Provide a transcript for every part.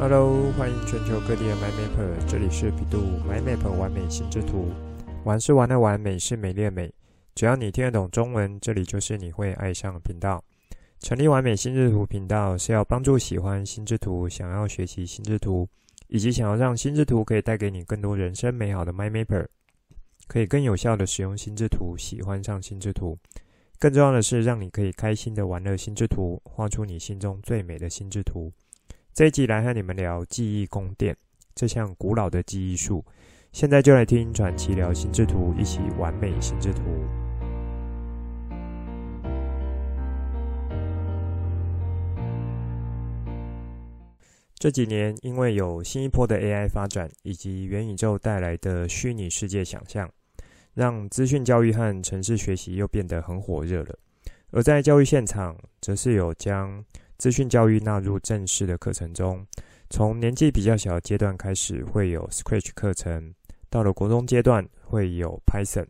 哈嘍，歡迎全球各地的 MyMapper，這裡是比度 MyMapper 玩美心智圖，玩是玩樂的玩，美是美麗的美。只要你聽得懂中文，這裡就是你會愛上的頻道。成立玩美心智圖頻道是要幫助喜歡心智圖、想要學習心智圖，以及想要讓心智圖可以帶給你更多人生美好的 MyMapper，可以更有效地使用心智圖，喜歡上心智圖。更重要的是，讓你可以開心地玩樂心智圖，畫出你心中最美的心智圖。這一集來和你們聊記憶宮殿這項古老的記憶術，現在就來聽傳奇聊心智圖，一起玩美心智圖。嗯、這幾年，因為有新一波的 AI 發展以及元宇宙帶來的虛擬世界想象，讓資訊教育和沉浸學習又變得很火熱了。而在教育現場，則是有將資訊教育納入正式的課程中，從年紀比較小的階段開始會有 Scratch 課程，到了國中階段會有 Python。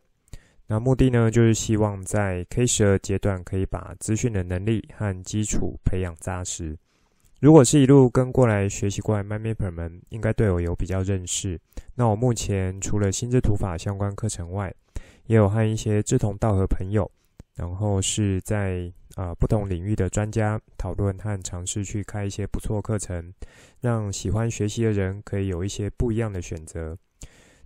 那目的呢，就是希望在 K 十二階段可以把資訊的能力和基礎培養紮實。如果是一路跟過來學習過來 MyMapper 們，應該對我有比較認識。那我目前除了心智圖法相關課程外，也有和一些志同道合朋友。然後是在啊、呃、不同領域的專家討論和嘗試去開一些不錯課程，讓喜歡學習的人可以有一些不一樣的選擇。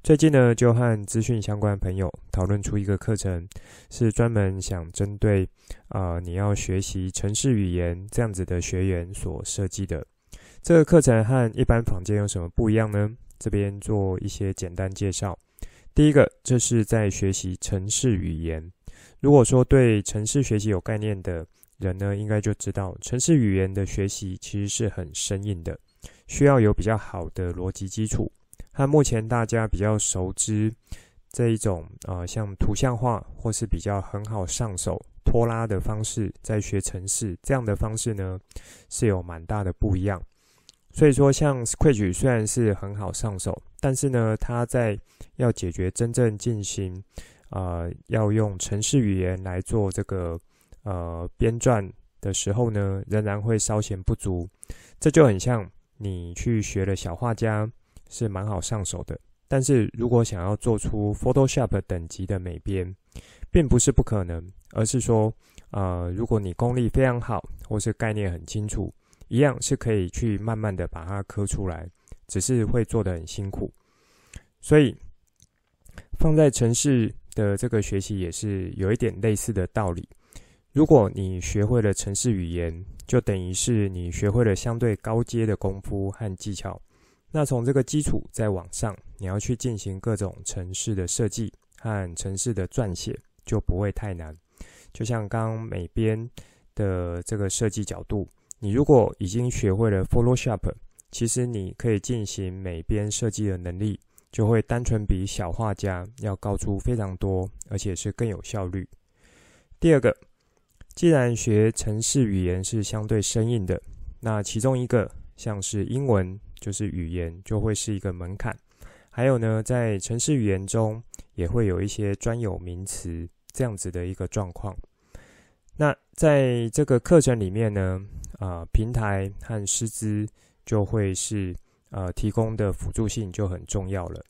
最近呢，就和資訊相關的朋友討論出一個課程，是專門想針對啊、呃、你要學習程式語言這樣子的學員所設計的。這個課程和一般坊間有什麼不一樣呢？這邊做一些簡單介紹。第一個，這是在學習程式語言。如果說對程式學習有概念的人呢，應該就知道程式語言的學習其實是很生硬的，需要有比較好的邏輯基礎。和目前大家比較熟知這一種啊、呃，像圖像化或是比較很好上手拖拉的方式，在學程式這樣的方式呢，是有蠻大的不一樣。所以說，像 Scratch 雖然是很好上手，但是呢，它在要解決真正進行。呃，要用程式語言來做這個呃編撰的時候呢，仍然會稍顯不足。這就很像你去學了小畫家，是蠻好上手的。但是如果想要做出 Photoshop 等級的美編，並不是不可能，而是說，呃，如果你功力非常好，或是概念很清楚，一樣是可以去慢慢的把它刻出來，只是會做得很辛苦。所以放在程式。的這個學習也是有一點類似的道理。如果你學會了程式語言，就等於是你學會了相對高階的功夫和技巧。那從這個基礎再往上，你要去進行各種程式的設計和程式的撰寫，就不會太難。就像剛美編的這個設計角度，你如果已經學會了 Photoshop，其實你可以進行美編設計的能力。就會單純比小畫家要高出非常多，而且是更有效率。第二個，既然學程式語言是相對生硬的，那其中一個像是英文，就是語言就會是一個門檻。還有呢，在程式語言中也會有一些專有名詞這樣子的一個狀況。那在這個課程裡面呢，啊、呃，平台和師資就會是。呃，提供的輔助性就很重要了。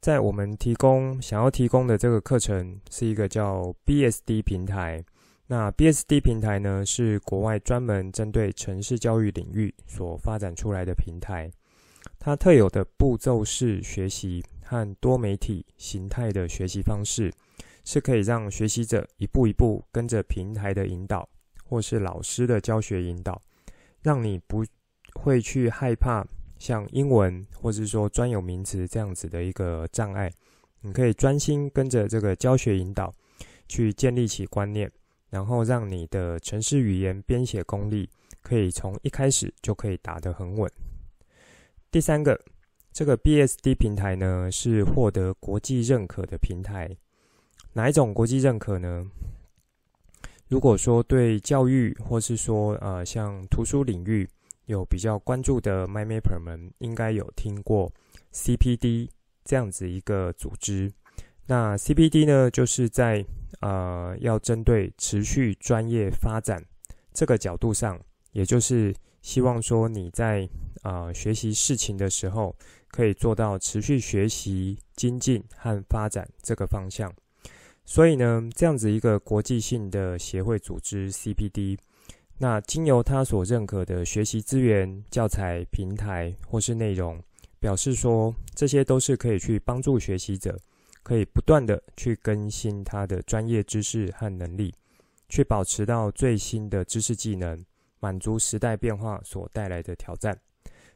在我們提供想要提供的這個課程，是一個叫 BSD 平台。那 BSD 平台呢，是國外專門針對城市教育領域所發展出來的平台。它特有的步驟式學習和多媒體形態的學習方式，是可以讓學習者一步一步跟着平台的引導，或是老師的教學引導，讓你不會去害怕。像英文，或者是說專有名詞這樣子的一個障礙，你可以專心跟着這個教學引導去建立起觀念，然後讓你的程式語言編寫功力可以從一開始就可以打得很穩。第三個，這個 BSD 平台呢是獲得國際認可的平台，哪一種國際認可呢？如果說對教育，或是說呃像圖書領域。有比較關注的 MyMapper 們，應該有聽過 CPD 這樣子一個組織。那 CPD 呢，就是在呃要針對持續專業發展這個角度上，也就是希望說你在啊、呃、學習事情的時候，可以做到持續學習、精進和發展這個方向。所以呢，這樣子一個國際性的協會組織 CPD。那經由他所認可的學習資源、教材、平台或是內容，表示說這些都是可以去幫助學習者，可以不斷地去更新他的專業知識和能力，去保持到最新的知識技能，滿足時代變化所帶來的挑戰。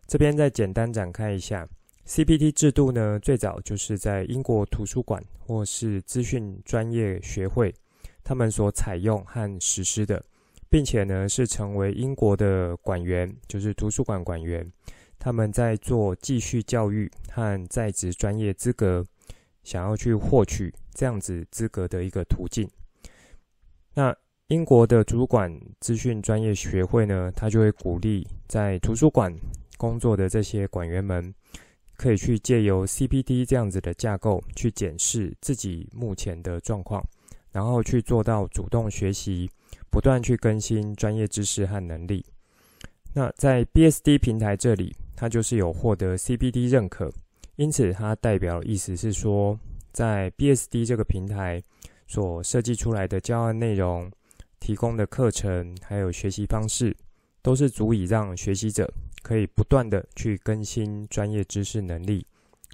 這邊再簡單展開一下，CPT 制度呢，最早就是在英國圖書館或是資訊專業學會，他們所採用和實施的。並且呢，是成為英國的館員，就是圖書館館員。他們在做繼續教育和在職專業資格，想要去獲取這樣子資格的一個途徑。那英國的主管資訊專業學會呢，他就會鼓勵在圖書館工作的這些館員們，可以去借由 CPD 這樣子的架構去檢視自己目前的狀況，然後去做到主動學習。不斷去更新專業知識和能力。那在 BSD 平台這裡，它就是有獲得 CBD 認可，因此它代表的意思是說，在 BSD 這個平台所設計出來的教案內容、提供的課程還有學習方式，都是足以讓學習者可以不斷地去更新專業知識能力，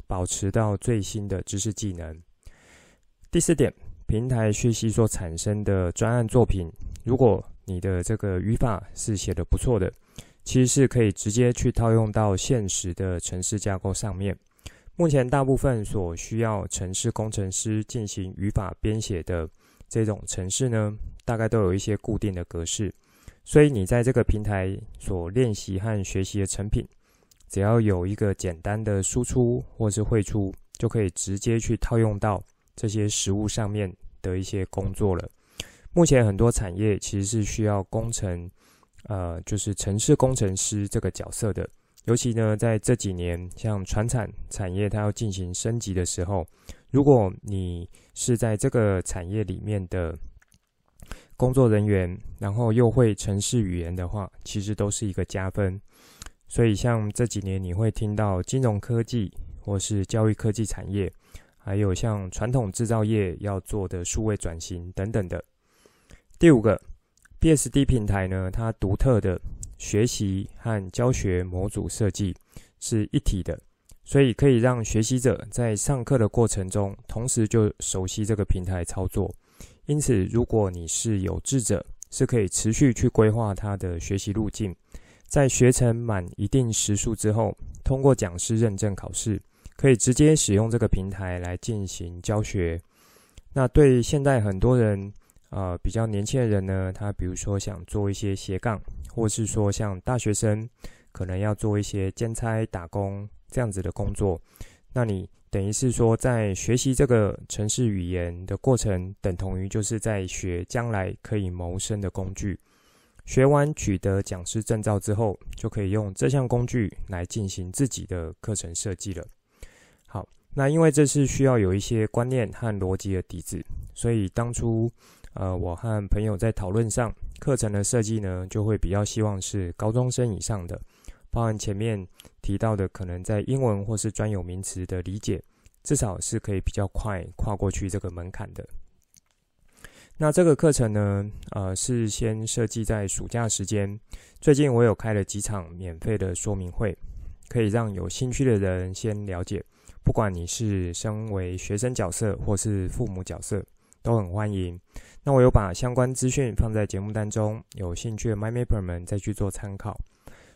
保持到最新的知識技能。第四點，平台學習所產生的專案作品。如果你的這個語法是寫得不錯的，其實是可以直接去套用到現實的程式架構上面。目前大部分所需要程式工程師進行語法編寫的這種程式呢，大概都有一些固定的格式，所以你在這個平台所練習和學習的成品，只要有一個簡單的輸出或是匯出，就可以直接去套用到這些實物上面的一些工作了。目前很多產業其實是需要工程，呃，就是程式工程師這個角色的。尤其呢，在這幾年，像傳產產業它要進行升級的時候，如果你是在這個產業裡面的工作人員，然後又會程式語言的話，其實都是一個加分。所以，像這幾年你會聽到金融科技，或是教育科技產業，還有像傳統製造業要做的數位轉型等等的。第五個，BSD 平台呢，它獨特的學習和教學模組設計是一體的，所以可以讓學習者在上課的過程中，同時就熟悉這個平台操作。因此，如果你是有志者，是可以持續去規劃他的學習路徑。在學成滿一定時數之後，通過講師認證考試，可以直接使用這個平台來進行教學。那對於現在很多人。呃，比較年輕的人呢，他比如說想做一些斜槓，或是說像大學生，可能要做一些兼差打工這樣子的工作，那你等於是說在學習這個程式語言的過程，等同於就是在學將來可以謀生的工具。學完取得講師證照之後，就可以用這項工具來進行自己的課程設計了。好，那因為這是需要有一些觀念和邏輯的底子，所以當初。呃，我和朋友在討論上課程的設計呢，就會比較希望是高中生以上的，包含前面提到的可能在英文或是專有名詞的理解，至少是可以比較快跨過去這個門檻的。那這個課程呢，呃，是先設計在暑假時間。最近我有開了幾場免費的說明會，可以讓有興趣的人先了解，不管你是身為學生角色或是父母角色，都很歡迎。那我有把相關資訊放在節目當中，有興趣的 MyMapper 們再去做參考。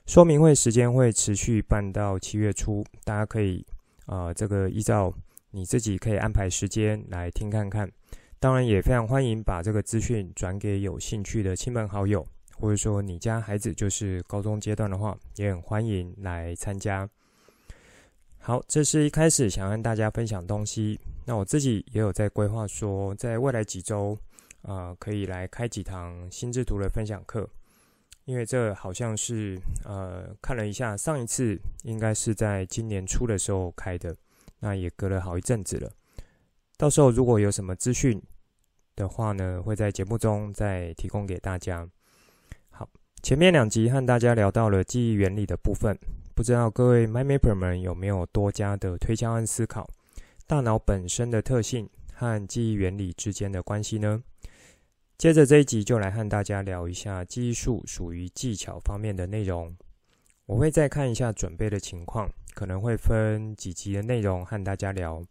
說明會時間會持續辦到七月初，大家可以啊、呃，這個依照你自己可以安排時間來聽看看。當然也非常歡迎把這個資訊轉給有興趣的親朋好友，或者說你家孩子就是高中階段的話，也很歡迎來參加。好，這是一開始想跟大家分享東西。那我自己也有在規劃說，在未來幾週。啊、呃，可以來開幾堂心智圖的分享課，因為這好像是呃，看了一下，上一次應該是在今年初的時候開的，那也隔了好一陣子了。到時候如果有什麼資訊的話呢，會在節目中再提供給大家。好，前面兩集和大家聊到了記憶原理的部分，不知道各位 My Mapper 們有沒有多加的推敲和思考大腦本身的特性和記憶原理之間的關係呢？接着這一集就來和大家聊一下技術，屬於技巧方面的內容。我會再看一下準備的情況，可能會分幾集的內容和大家聊。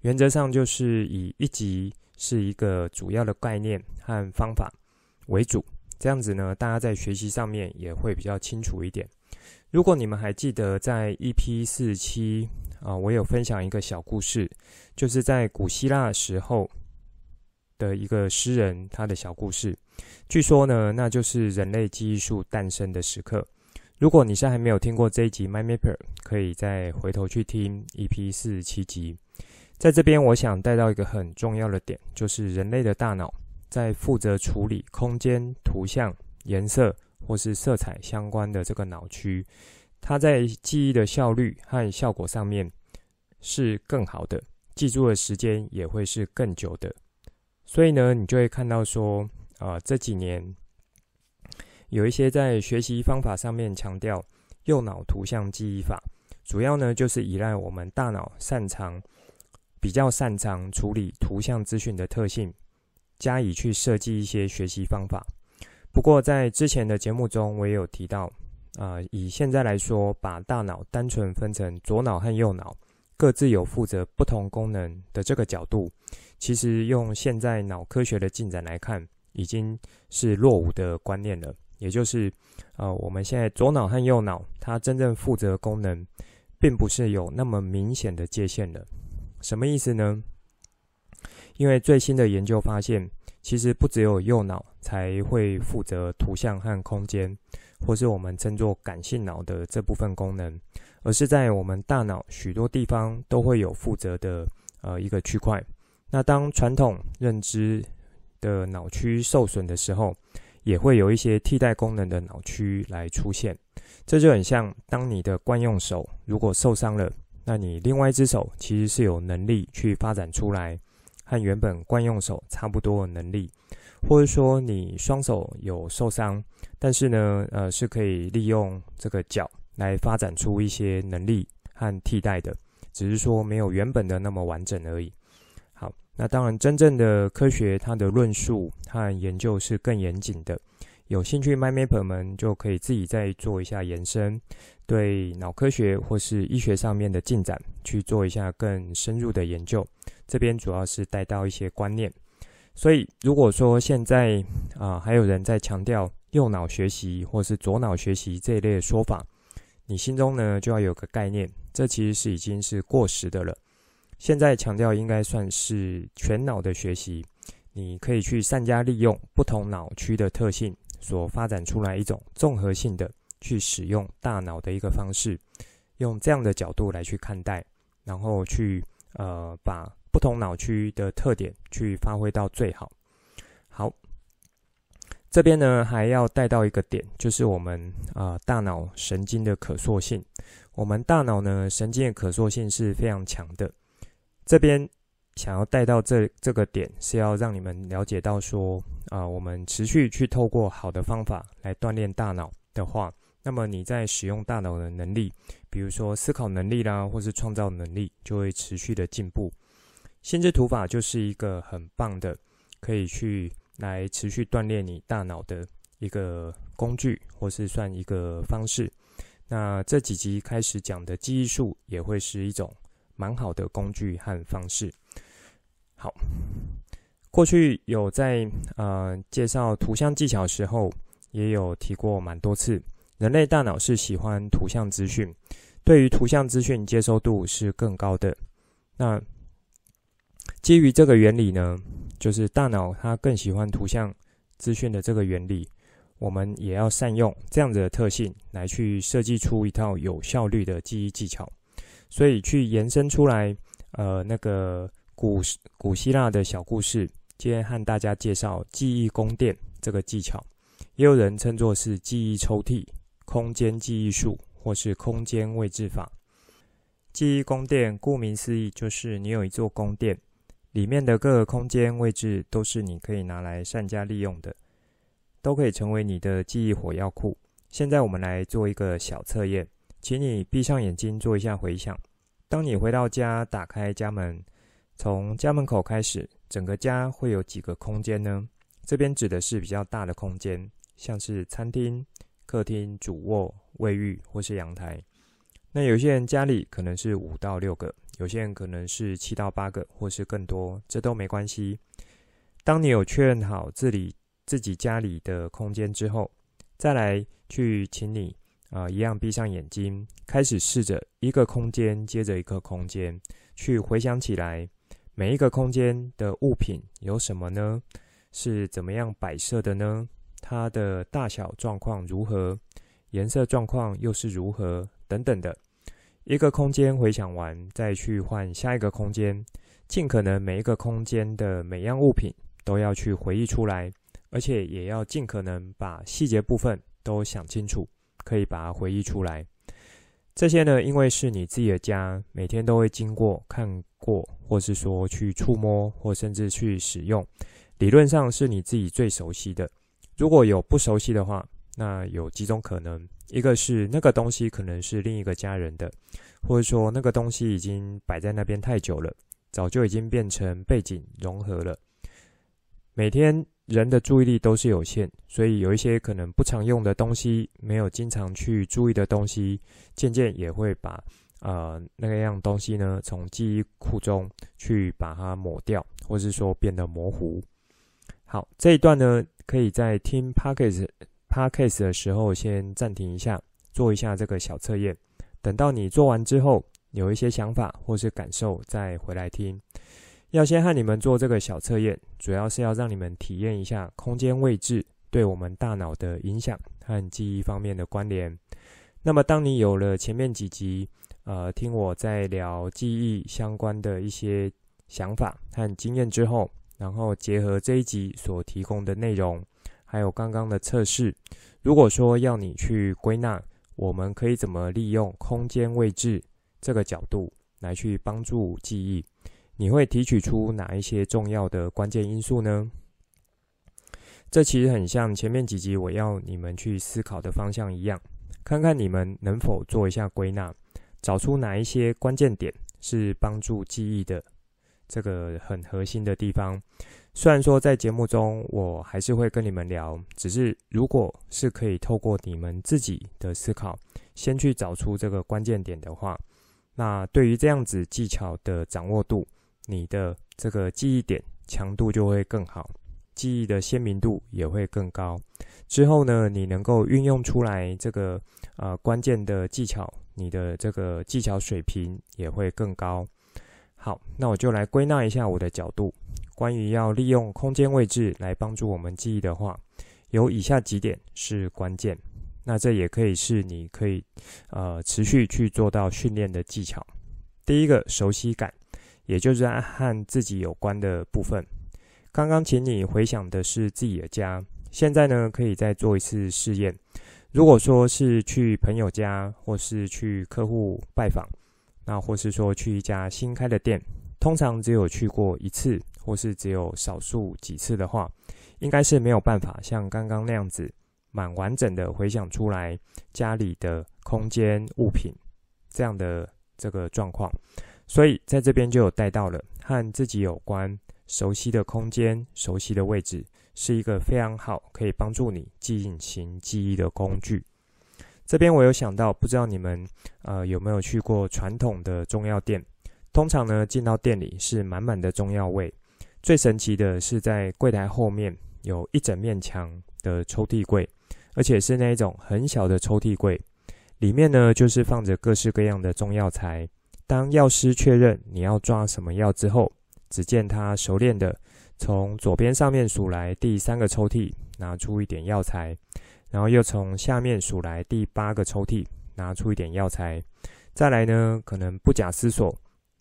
原則上就是以一集是一個主要的概念和方法為主，這樣子呢，大家在學習上面也會比較清楚一點。如果你們還記得在 EP 47啊，我有分享一個小故事，就是在古希臘的時候。的一個詩人，他的小故事。據說呢，那就是人類記憶術誕生的時刻。如果你是還沒有聽過這一集 Mind Mapper，可以再回頭去聽 EP 四十七集。在這邊，我想帶到一個很重要的點，就是人類的大腦在負責處理空間、圖像、顏色或是色彩相關的這個腦區，它在記憶的效率和效果上面是更好的，記住的時間也會是更久的。所以呢，你就會看到說，啊、呃，這幾年有一些在學習方法上面強調右腦圖像記憶法，主要呢就是依賴我們大腦擅長、比較擅長處理圖像資訊的特性，加以去設計一些學習方法。不過在之前的節目中，我也有提到，啊、呃，以現在來說，把大腦單純分成左腦和右腦。各自有負責不同功能的這個角度，其實用現在腦科學的進展來看，已經是落伍的觀念了。也就是，呃，我們現在左腦和右腦它真正負責的功能，並不是有那麼明顯的界限了。什麼意思呢？因為最新的研究發現，其實不只有右腦才會負責圖像和空間。或是我們稱作感性腦的這部分功能，而是在我們大腦許多地方都會有負責的呃一個區塊。那當傳統認知的腦區受損的時候，也會有一些替代功能的腦區來出現。這就很像，當你的慣用手如果受傷了，那你另外一隻手其實是有能力去發展出來，和原本慣用手差不多的能力。或者說你雙手有受傷，但是呢，呃，是可以利用這個腳來發展出一些能力和替代的，只是說沒有原本的那麼完整而已。好，那當然，真正的科學它的論述和研究是更嚴謹的。有興趣 MyMapper 們就可以自己再做一下延伸，對腦科學或是醫學上面的進展去做一下更深入的研究。這邊主要是帶到一些觀念。所以，如果說現在啊，呃，還有人在強調右腦學習或是左腦學習這一類的說法，你心中呢就要有個概念，這其實是已經是過時的了。現在強調應該算是全腦的學習，你可以去善加利用不同腦區的特性，所發展出來一種綜合性的去使用大腦的一個方式。用這樣的角度來去看待，然後去呃把。不同腦區的特點去發揮到最好。好，這邊呢還要帶到一個點，就是我們啊大腦神經的可塑性。我們大腦呢神經的可塑性是非常強的。這邊想要帶到這這個點，是要讓你們了解到說啊，我們持續去透過好的方法來鍛鍊大腦的話，那麼你在使用大腦的能力，比如說思考能力啦，或是創造能力，就會持續的進步。心智圖法就是一個很棒的，可以去來持續鍛鍊你大腦的一個工具，或是算一個方式。那這幾集開始講的記憶術也會是一種蠻好的工具和方式。好，過去有在呃介紹圖像技巧的時候，也有提過蠻多次，人類大腦是喜歡圖像資訊，對於圖像資訊接收度是更高的。那基於這個原理呢，就是大腦它更喜歡圖像資訊的這個原理，我們也要善用這樣子的特性來去設計出一套有效率的記憶技巧。所以去延伸出來，呃，那個古古希臘的小故事，今天和大家介紹記憶宮殿這個技巧，也有人稱作是記憶抽屜、空間記憶術或是空間位置法。記憶宮殿，顧名思義，就是你有一座宮殿。裡面的各個空間位置都是你可以拿來善加利用的，都可以成為你的記憶火藥庫。現在我們來做一個小測驗，請你閉上眼睛做一下回想。當你回到家，打開家門，從家門口開始，整個家會有幾個空間呢？這邊指的是比較大的空間，像是餐廳、客廳、主臥、衛浴或是陽台。那有些人家裡可能是五到六個。有些人可能是七到八個，或是更多，這都沒關係。當你有確認好自己自己家裡的空間之後，再來去，請你啊、呃，一樣閉上眼睛，開始試着一個空間接着一個空間去回想起來，每一個空間的物品有什麼呢？是怎麼樣擺設的呢？它的大小狀況如何？顏色狀況又是如何？等等的。一個空間回想完，再去換下一個空間，盡可能每一個空間的每樣物品都要去回憶出來，而且也要盡可能把細節部分都想清楚，可以把它回憶出來。這些呢，因為是你自己的家，每天都會經過、看過，或是說去觸摸，或甚至去使用，理論上是你自己最熟悉的。如果有不熟悉的話，那有幾種可能。一個是那個東西可能是另一個家人的，或者說那個東西已經擺在那邊太久了，早就已經變成背景融合了。每天人的注意力都是有限，所以有一些可能不常用的東西，沒有經常去注意的東西，漸漸也會把呃那個樣東西呢從記憶庫中去把它抹掉，或是說變得模糊。好，這一段呢可以在聽 Pockets 他 case 的時候，先暫停一下，做一下這個小測驗。等到你做完之後，有一些想法或是感受，再回來聽。要先和你們做這個小測驗，主要是要讓你們體驗一下空間位置對我們大腦的影響和記憶方面的關聯。那麼，當你有了前面幾集，呃，聽我在聊記憶相關的一些想法和經驗之後，然後結合這一集所提供的內容。還有剛剛的測試，如果說要你去歸納，我們可以怎麼利用空間位置這個角度來去幫助記憶？你會提取出哪一些重要的關鍵因素呢？這其實很像前面幾集我要你們去思考的方向一樣，看看你們能否做一下歸納，找出哪一些關鍵點是幫助記憶的。這個很核心的地方，雖然說在節目中我還是會跟你們聊，只是如果是可以透過你們自己的思考，先去找出這個關鍵點的話，那對於這樣子技巧的掌握度，你的這個記憶點強度就會更好，記憶的鮮明度也會更高。之後呢，你能夠運用出來這個，呃，關鍵的技巧，你的這個技巧水平也會更高。好，那我就來歸納一下我的角度。關於要利用空間位置來幫助我們記憶的話，有以下幾點是關鍵。那這也可以是你可以呃持續去做到訓練的技巧。第一個，熟悉感，也就是按和自己有關的部分。剛剛請你回想的是自己的家，現在呢，可以再做一次試驗。如果說是去朋友家或是去客戶拜訪，那或是說去一家新開的店，通常只有去過一次，或是只有少數幾次的話，應該是沒有辦法像剛剛那樣子蠻完整的回想出來家裡的空間物品這樣的這個狀況。所以在這邊就有帶到了和自己有關熟悉的空間、熟悉的位置，是一個非常好可以幫助你進行記憶的工具。這邊我有想到，不知道你們，呃，有沒有去過傳統的中藥店？通常呢，進到店裡是滿滿的中藥味。最神奇的是，在櫃檯後面有一整面牆的抽屜櫃，而且是那一種很小的抽屜櫃，裡面呢，就是放着各式各樣的中藥材。當藥師確認你要抓什麼藥之後，只見他熟練的從左邊上面數來第三個抽屜，拿出一點藥材。然後又從下面數來第八個抽屜，拿出一點藥材，再來呢，可能不假思索，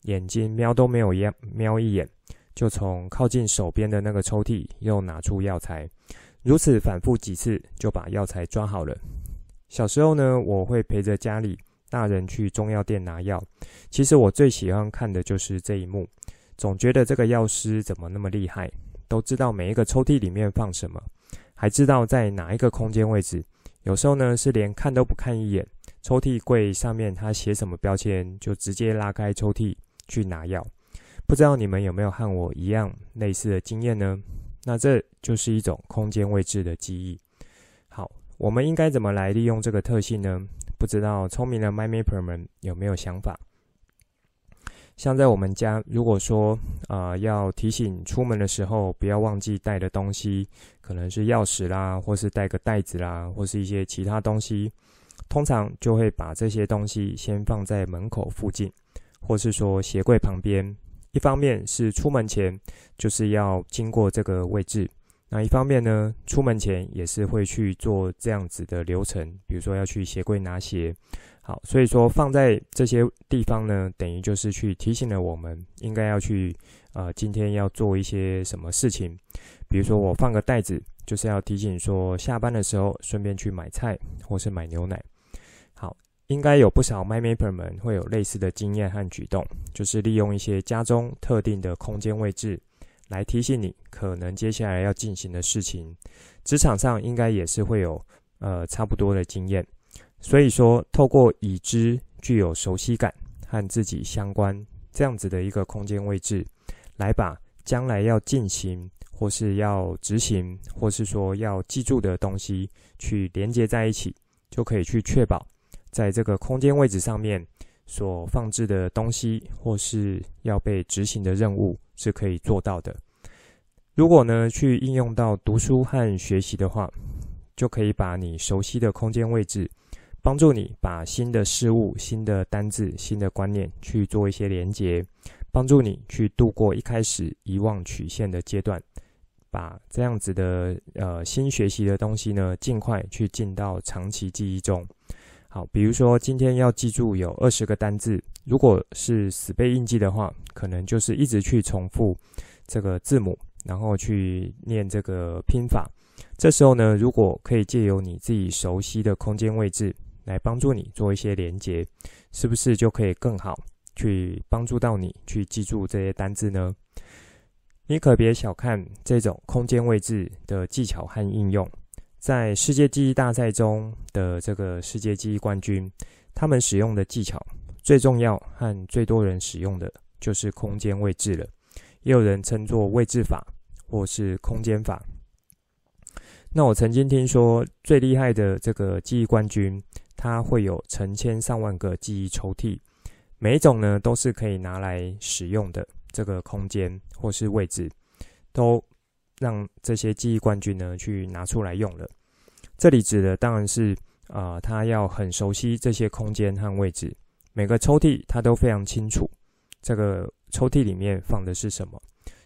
眼睛瞄都沒有一瞄一眼，就從靠近手邊的那個抽屜又拿出藥材，如此反覆幾次，就把藥材抓好了。小時候呢，我會陪着家裡大人去中藥店拿藥，其實我最喜歡看的就是這一幕，總覺得這個藥師怎麼那麼厲害，都知道每一個抽屜裡面放什麼。還知道在哪一個空間位置，有時候呢，是連看都不看一眼，抽屜櫃上面它寫什麼標籤，就直接拉開抽屜去拿藥。不知道你們有沒有和我一樣類似的經驗呢？那這就是一種空間位置的記憶。好，我們應該怎麼來利用這個特性呢？不知道聰明的 MyMapper 們有沒有想法？像在我們家，如果說啊，呃，要提醒出門的時候不要忘記帶的東西，可能是鑰匙啦，或是帶個袋子啦，或是一些其他東西，通常就會把這些東西先放在門口附近，或是說鞋櫃旁邊。一方面是出門前就是要經過這個位置，那一方面呢，出門前也是會去做這樣子的流程，比如說要去鞋櫃拿鞋。好，所以說放在這些地方呢，等於就是去提醒了我們應該要去，呃，今天要做一些什麼事情。比如說我放個袋子，就是要提醒說下班的時候順便去買菜或是買牛奶。好，應該有不少 MindMapper 們會有類似的經驗和舉動，就是利用一些家中特定的空間位置來提醒你可能接下來要進行的事情。職場上應該也是會有，呃，差不多的經驗。所以說，透過已知、具有熟悉感和自己相關這樣子的一個空間位置，來把將來要進行、或是要執行、或是說要記住的東西去連接在一起，就可以去確保在這個空間位置上面所放置的東西或是要被執行的任務是可以做到的。如果呢，去應用到讀書和學習的話，就可以把你熟悉的空間位置，幫助你把新的事物、新的單字、新的觀念去做一些連結，幫助你去度過一開始遺忘曲線的階段，把這樣子的呃新學習的東西呢，盡快去進到長期記憶中。好，比如說今天要記住有二十個單字，如果是死背硬記的話，可能就是一直去重複這個字母，然後去念這個拼法。這時候呢，如果可以借由你自己熟悉的空間位置，來幫助你做一些連結，是不是就可以更好去幫助到你去記住這些單字呢？你可別小看這種空間位置的技巧和應用，在世界記憶大賽中的這個世界記憶冠軍，他們使用的技巧最重要和最多人使用的就是空間位置了，也有人稱作位置法或是空間法。那我曾經聽說最厲害的這個記憶冠軍，它會有成千上萬個記憶抽屜，每一種呢都是可以拿來使用的這個空間或是位置，都讓這些記憶冠軍呢去拿出來用了。這裡指的當然是啊、呃，他要很熟悉這些空間和位置，每個抽屜他都非常清楚這個抽屜裡面放的是什麼，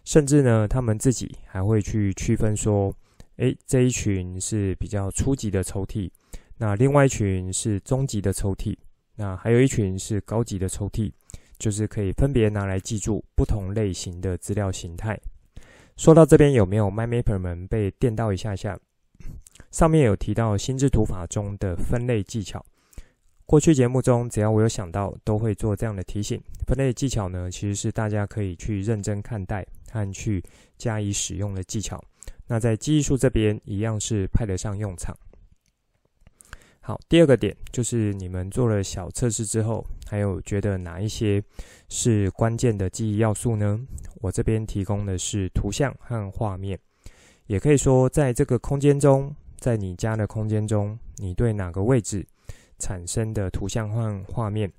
甚至呢他們自己還會去區分說，誒，這一群是比較初級的抽屜。那另外一群是中級的抽屜，那還有一群是高級的抽屜，就是可以分別拿來記住不同類型的資料形態。說到這邊，有沒有 MyMapper 們被電到一下下？上面有提到心智圖法中的分類技巧。過去節目中，只要我有想到，都會做這樣的提醒。分類技巧呢，其實是大家可以去認真看待和去加以使用的技巧。那在記憶術這邊，一樣是派得上用場。好，第二個點就是你們做了小測試之後，還有覺得哪一些是關鍵的記憶要素呢？我這邊提供的是圖像和畫面，也可以說，在這個空間中，在你家的空間中，你對哪個位置產生的圖像和畫面，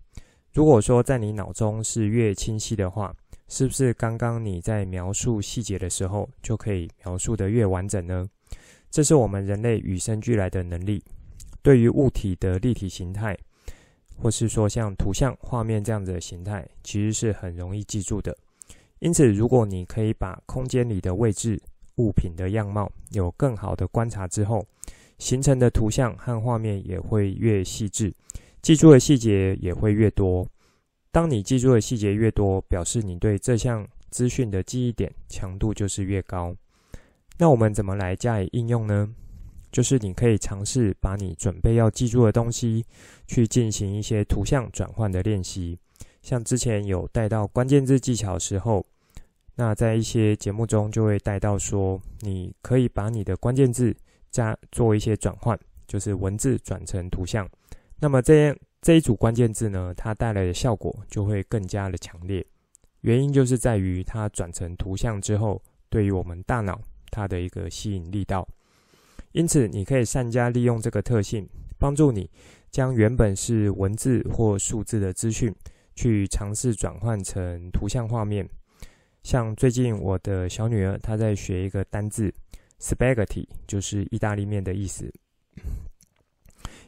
如果說在你腦中是越清晰的話，是不是剛剛你在描述細節的時候就可以描述得越完整呢？這是我們人類與生俱來的能力。對於物體的立體形態，或是說像圖像、畫面這樣子的形態，其實是很容易記住的。因此，如果你可以把空間裡的位置、物品的樣貌有更好的觀察之後，形成的圖像和畫面也會越細緻，記住的細節也會越多。當你記住的細節越多，表示你對這項資訊的記憶點強度就是越高。那我們怎麼來加以應用呢？就是你可以嘗試把你準備要記住的東西，去進行一些圖像轉換的練習。像之前有帶到關鍵字技巧的時候，那在一些節目中就會帶到說，你可以把你的關鍵字加做一些轉換，就是文字轉成圖像。那麼這樣這一組關鍵字呢，它帶來的效果就會更加的強烈。原因就是在於它轉成圖像之後，對於我們大腦它的一個吸引力道。因此，你可以善加利用這個特性，幫助你將原本是文字或數字的資訊，去嘗試轉換成圖像畫面。像最近我的小女兒，她在學一個單字 Spaghetti，就是意大利麵的意思。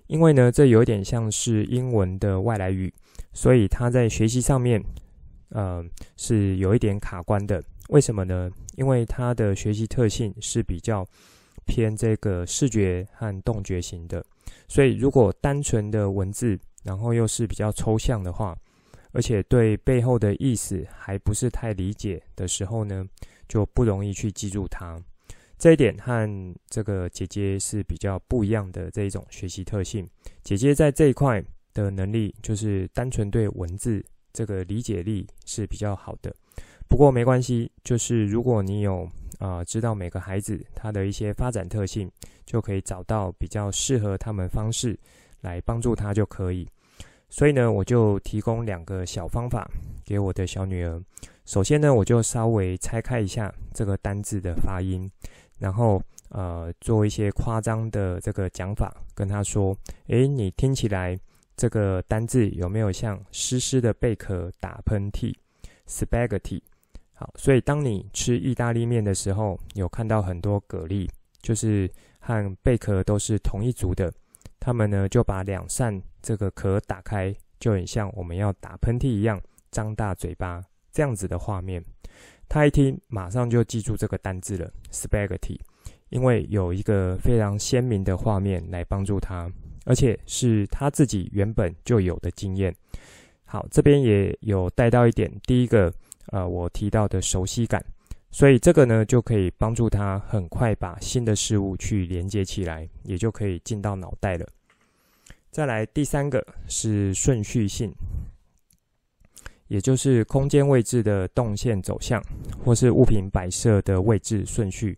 因為呢，這有點像是英文的外來語，所以她在學習上面，呃，是有一點卡關的。為什麼呢？因為她的學習特性是比較偏這個視覺和動覺型的，所以如果單純的文字，然後又是比較抽象的話，而且對背後的意思還不是太理解的時候呢，就不容易去記住它。這一點和這個姐姐是比較不一樣的這一種學習特性。姐姐在這一塊的能力，就是單純對文字這個理解力是比較好的。不過沒關係，就是如果你有啊、呃，知道每個孩子他的一些發展特性，就可以找到比較適合他們方式來幫助他就可以。所以呢，我就提供兩個小方法給我的小女兒。首先呢，我就稍微拆開一下這個單字的發音，然後呃做一些誇張的這個講法，跟她說：“誒，你聽起來這個單字有沒有像濕濕的貝殼打噴嚏？” spaghetti。好，所以，當你吃意大利麵的時候，有看到很多蛤蜊，就是和貝殼都是同一族的。他們呢，就把兩扇這個殼打開，就很像我們要打噴嚏一樣，張大嘴巴這樣子的畫面。他一聽，馬上就記住這個單字了，spaghetti，因為有一個非常鮮明的畫面來幫助他，而且是他自己原本就有的經驗。好，這邊也有帶到一點，第一個。呃，我提到的熟悉感，所以這個呢，就可以幫助他很快把新的事物去連接起來，也就可以進到腦袋了。再來第三個是順序性，也就是空間位置的動線走向，或是物品擺設的位置順序。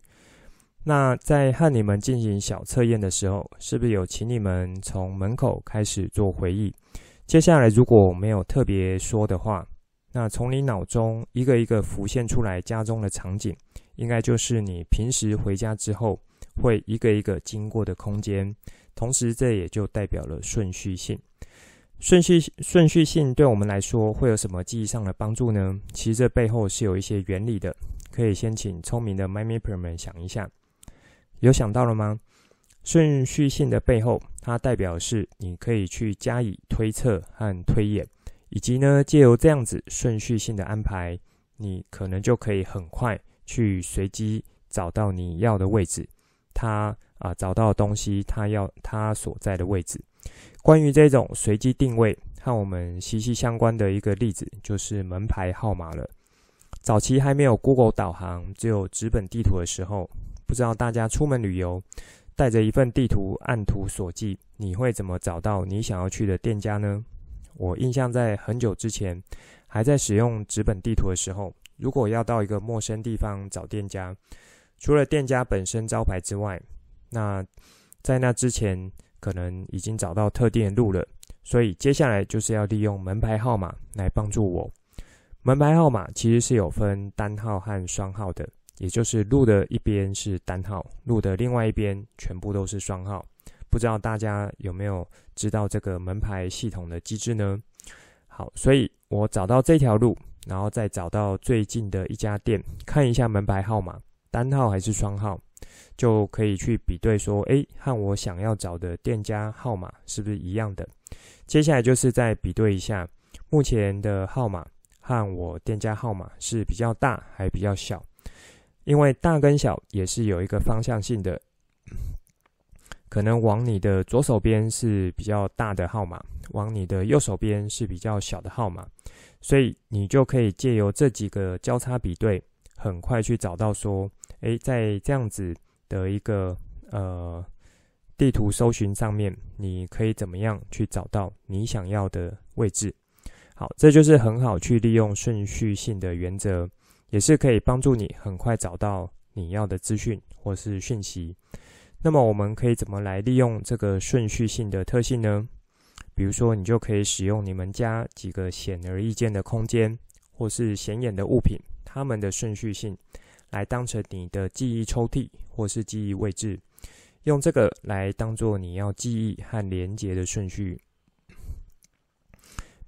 那在和你們進行小測驗的時候，是不是有請你們從門口開始做回憶？接下來如果我沒有特別說的話，那從你腦中一個一個浮現出來家中的場景，應該就是你平時回家之後會一個一個經過的空間。同時，這也就代表了順序性。順序順序性對我們來說會有什麼記憶上的幫助呢？其實這背後是有一些原理的。可以先請聰明的 MyMapper 們想一下，有想到了嗎？順序性的背後，它代表是你可以去加以推測和推演。以及呢，借由這樣子順序性的安排，你可能就可以很快去隨機找到你要的位置。他啊，找到的東西，他要他所在的位置。關於這種隨機定位和我們息息相關的一個例子，就是門牌號碼了。早期還沒有 Google 導航，只有紙本地圖的時候，不知道大家出門旅遊，帶着一份地圖按圖索驥，你會怎麼找到你想要去的店家呢？我印象在很久之前，還在使用紙本地圖的時候，如果要到一個陌生地方找店家，除了店家本身招牌之外，那在那之前可能已經找到特定的路了，所以接下來就是要利用門牌號碼來幫助我。門牌號碼其實是有分單號和雙號的，也就是路的一邊是單號，路的另外一邊全部都是雙號。不知道大家有沒有知道這個門牌系統的機制呢？好，所以我找到這條路，然後再找到最近的一家店，看一下門牌號碼，單號還是雙號，就可以去比對，說，誒、欸，和我想要找的店家號碼是不是一樣的？接下來就是再比對一下，目前的號碼和我店家號碼是比較大還比較小，因為大跟小也是有一個方向性的。可能往你的左手邊是比較大的號碼，往你的右手邊是比較小的號碼，所以你就可以借由這幾個交叉比對，很快去找到說，誒，在這樣子的一個呃地圖搜尋上面，你可以怎麼樣去找到你想要的位置？好，這就是很好去利用順序性的原則，也是可以幫助你很快找到你要的資訊或是訊息。那麼我們可以怎麼來利用這個順序性的特性呢？比如說，你就可以使用你們家幾個顯而易見的空間，或是顯眼的物品，它們的順序性，來當成你的記憶抽屜或是記憶位置，用這個來當做你要記憶和連結的順序。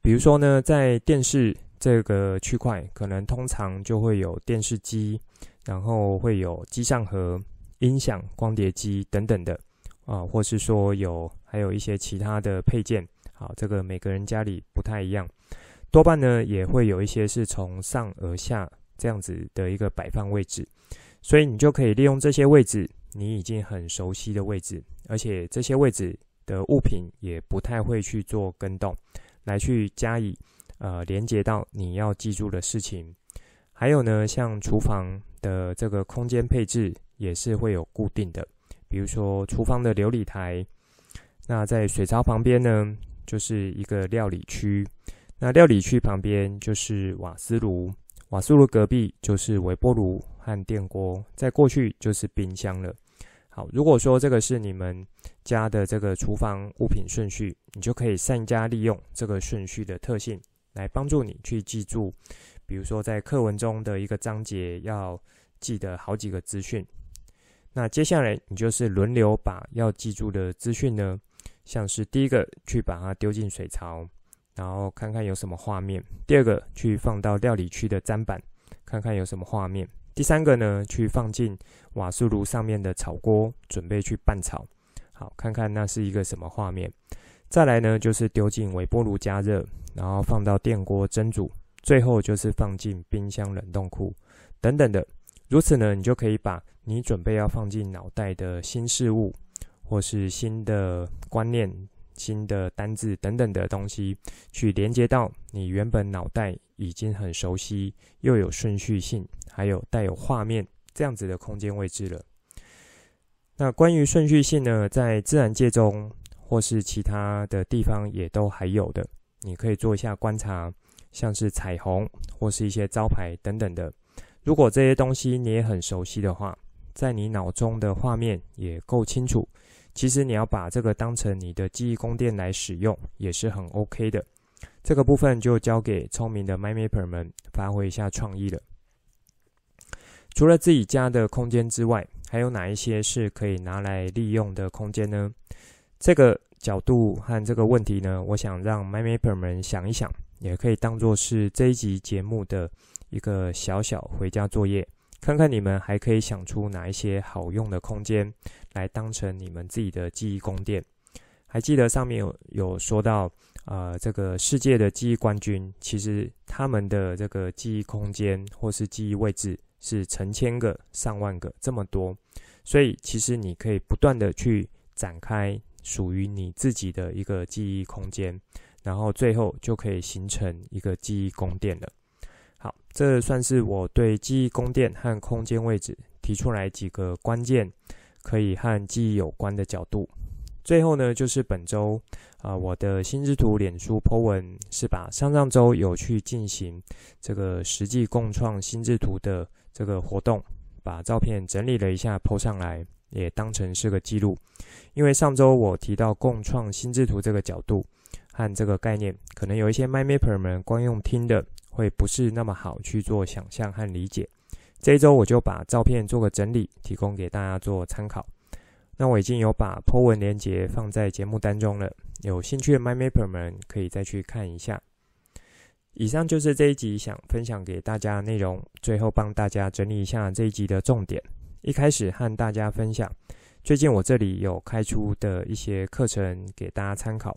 比如說呢，在電視這個區塊，可能通常就會有電視機，然後會有機上盒。音響、光碟機等等的啊，或是說有還有一些其他的配件，好，這個每個人家裡不太一樣，多半呢也會有一些是從上而下這樣子的一個擺放位置，所以你就可以利用這些位置，你已經很熟悉的位置，而且這些位置的物品也不太會去做更動，來去加以呃連接到你要記住的事情，還有呢，像廚房的這個空間配置。也是會有固定的，比如說廚房的流理台，那在水槽旁邊呢，就是一個料理區，那料理區旁邊就是瓦斯爐，瓦斯爐隔壁就是微波爐和電鍋，再過去就是冰箱了。好，如果說這個是你們家的這個廚房物品順序，你就可以善加利用這個順序的特性，來幫助你去記住，比如說在課文中的一個章節要記得好幾個資訊。那接下來你就是輪流把要記住的資訊呢，像是第一個去把它丟進水槽，然後看看有什麼畫面；第二個去放到料理區的砧板，看看有什麼畫面；第三個呢去放進瓦斯爐上面的炒鍋，準備去拌炒，好看看那是一個什麼畫面；再來呢就是丟進微波爐加熱，然後放到電鍋蒸煮煮，最後就是放進冰箱冷凍庫等等的。如此呢，你就可以把你準備要放進腦袋的新事物，或是新的觀念、新的單字等等的東西，去連接到你原本腦袋已經很熟悉、又有順序性、還有帶有畫面這樣子的空間位置了。那關於順序性呢，在自然界中或是其他的地方也都還有的，你可以做一下觀察，像是彩虹或是一些招牌等等的。如果這些東西你也很熟悉的話，在你腦中的畫面也夠清楚。其實你要把這個當成你的記憶宮殿來使用，也是很 OK 的。這個部分就交給聰明的 MyMapper 們發揮一下創意了。除了自己家的空間之外，還有哪一些是可以拿來利用的空間呢？這個角度和這個問題呢，我想讓 MyMapper 們想一想，也可以當作是這一集節目的。一個小小回家作業，看看你們還可以想出哪一些好用的空間來當成你們自己的記憶宮殿。還記得上面有有說到，呃，這個世界的記憶冠軍，其實他們的這個記憶空間或是記憶位置是成千個、上萬個這麼多，所以其實你可以不斷的去展開屬於你自己的一個記憶空間，然後最後就可以形成一個記憶宮殿了。好，這個算是我對記憶宮殿和空間位置提出來幾個關鍵，可以和記憶有關的角度。最後呢，就是本周啊，呃，我的心智圖臉書 po 文是吧？上上周有去進行這個實際共創心智圖的這個活動，把照片整理了一下 po 上來，也當成是個記錄。因為上周我提到共創心智圖這個角度和這個概念，可能有一些 My Mapper 們光用聽的。會不是那麼好去做想象和理解。這一周我就把照片做個整理，提供給大家做參考。那我已經有把 PO 文連結放在節目當中了，有興趣的 My Mapper 們可以再去看一下。以上就是這一集想分享給大家的內容。最後幫大家整理一下這一集的重點。一開始和大家分享，最近我這裡有開出的一些課程給大家參考。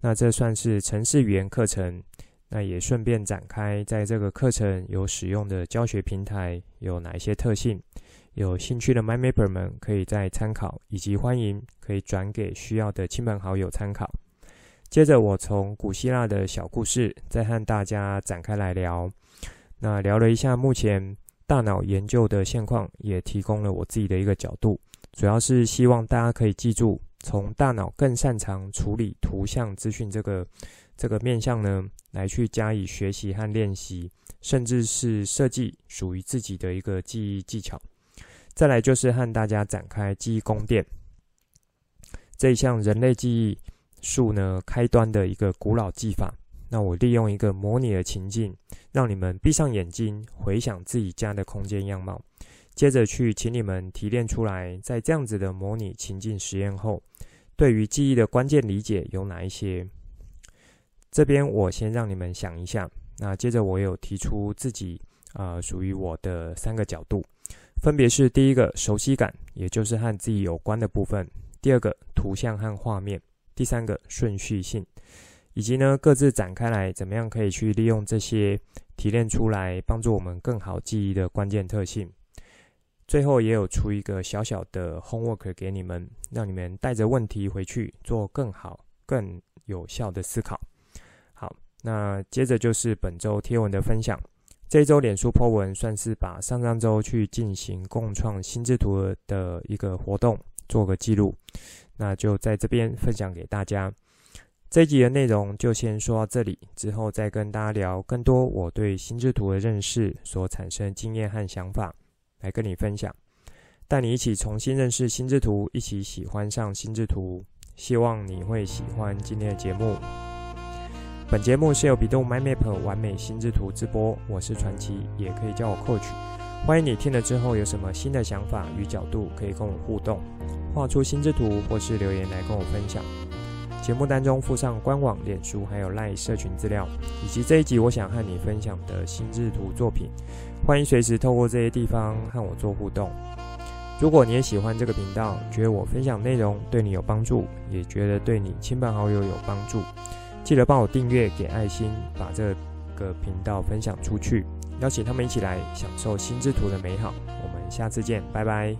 那這算是程式語言課程。那也順便展開，在這個課程有使用的教學平台有哪一些特性，有興趣的 MyMapper 們可以再參考，以及歡迎可以轉給需要的親朋好友參考。接着我從古希臘的小故事再和大家展開來聊。那聊了一下目前大腦研究的現況，也提供了我自己的一個角度，主要是希望大家可以記住。從大腦更擅長處理圖像資訊這個這個面向呢，來去加以學習和練習，甚至是設計屬於自己的一個記憶技巧。再來就是和大家展開記憶宮殿。這一項人類記憶術呢，開端的一個古老技法。那我利用一個模擬的情境，讓你們閉上眼睛，回想自己家的空間樣貌。接着去請你們提煉出來，在這樣子的模擬情境實驗後，對於記憶的關鍵理解有哪一些？這邊我先讓你們想一下。那接着我有提出自己啊、呃、屬於我的三個角度，分別是第一個熟悉感，也就是和自己有關的部分；第二個圖像和畫面；第三個順序性，以及呢各自展開來怎麼樣可以去利用這些提煉出來，幫助我們更好記憶的關鍵特性。最後也有出一個小小的 homework 給你們，讓你們帶着問題回去做更好、更有效的思考。好,那接着就是本周貼文的分享。這一周臉書 po 文算是把上上周去進行共創心智圖的一個活動做個記錄，那就在這邊分享給大家。這一集的內容就先說到這裡，之後再跟大家聊更多我對心智圖的認識所產生的經驗和想法。來跟你分享，帶你一起重新認識心智圖，一起喜歡上心智圖。希望你會喜歡今天的節目。本節目是由 bEDU MindMap 玩美心智圖直播，我是傳奇，也可以叫我 Coach。歡迎你聽了之後有什麼新的想法與角度，可以跟我互動，畫出心智圖，或是留言來跟我分享。節目當中附上官網、臉書還有 LINE 社群資料，以及這一集我想和你分享的心智圖作品。歡迎隨時透過這些地方和我做互動。如果你也喜歡這個頻道，覺得我分享內容對你有幫助，也覺得對你親朋好友有幫助，記得幫我訂閱、點愛心，把這個頻道分享出去，邀請他們一起來享受心智圖的美好。我們下次見，拜拜。